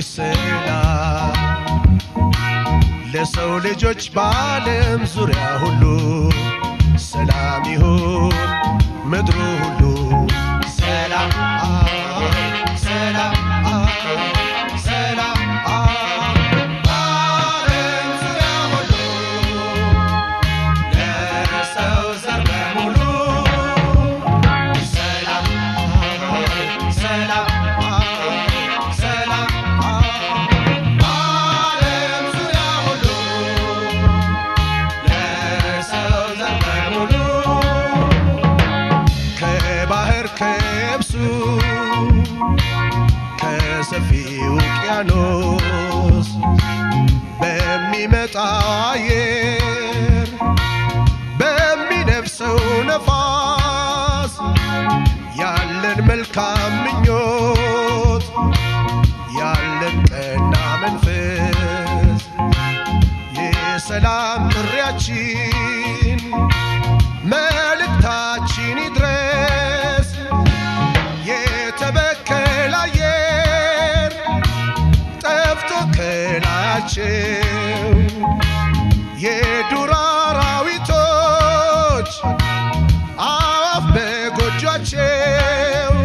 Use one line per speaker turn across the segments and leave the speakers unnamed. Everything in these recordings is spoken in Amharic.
የሰዎች ሰላም ለሰው ልጆች በዓለም ዙሪያ ሁሉ ሰላም ይሁን። ሰፊ ውቅያኖስ በሚመጣው አየር በሚነፍሰው ነፋስ ያለን መልካም ምኞት ያለን ቀና መንፈስ የሰላም ጥሪያችን ናቸው የዱር አራዊቶች አዋፍ በጎጇቸው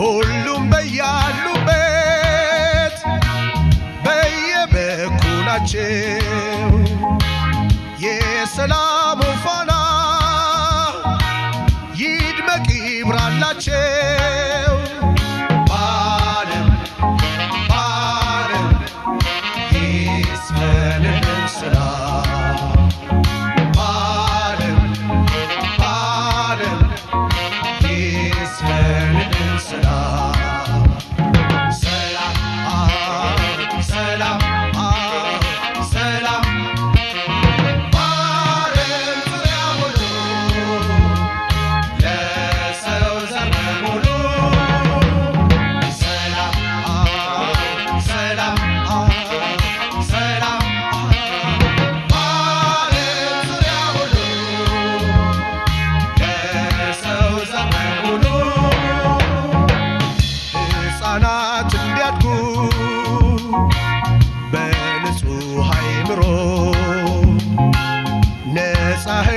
ሁሉም በያሉበት በየበኩላቸው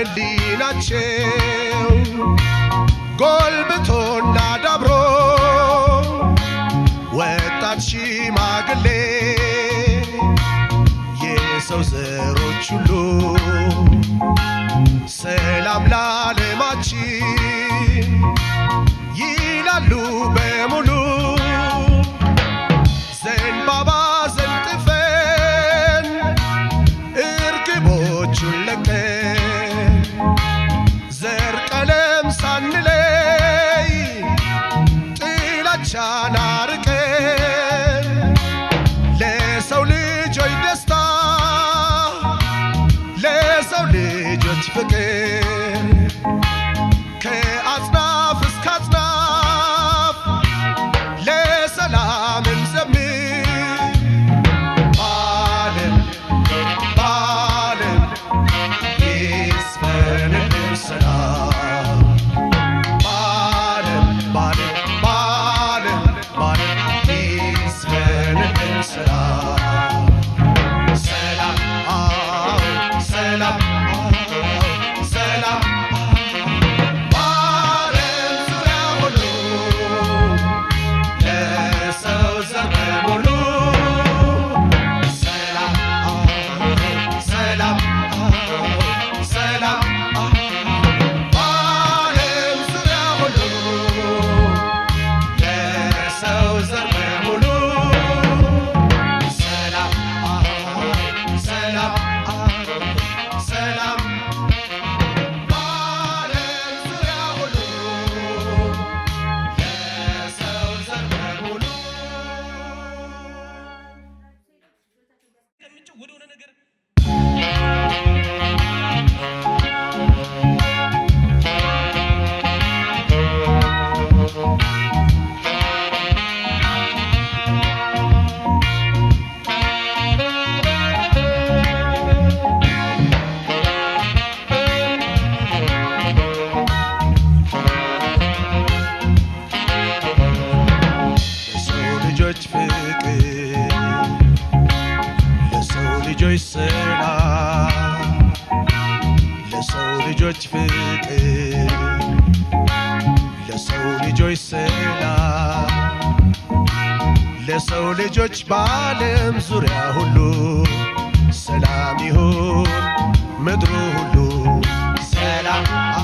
እንዲናቸው ጎልብቶና ዳብሮ ወጣት ሽማግሌ የሰው ዘሮች ሁሉ ሰላም ላለማችን ይላሉ በሙሉ ዘንባባ ዘንጥፈን እርግቦቹን complicated.
የሰዎች ስራ ለሰው ልጆች ፍቅር ለሰው ልጆች ስራ ለሰው ልጆች በዓለም ዙሪያ ሁሉ ሰላም ይሁን ምድሩ ሁሉ ሰላም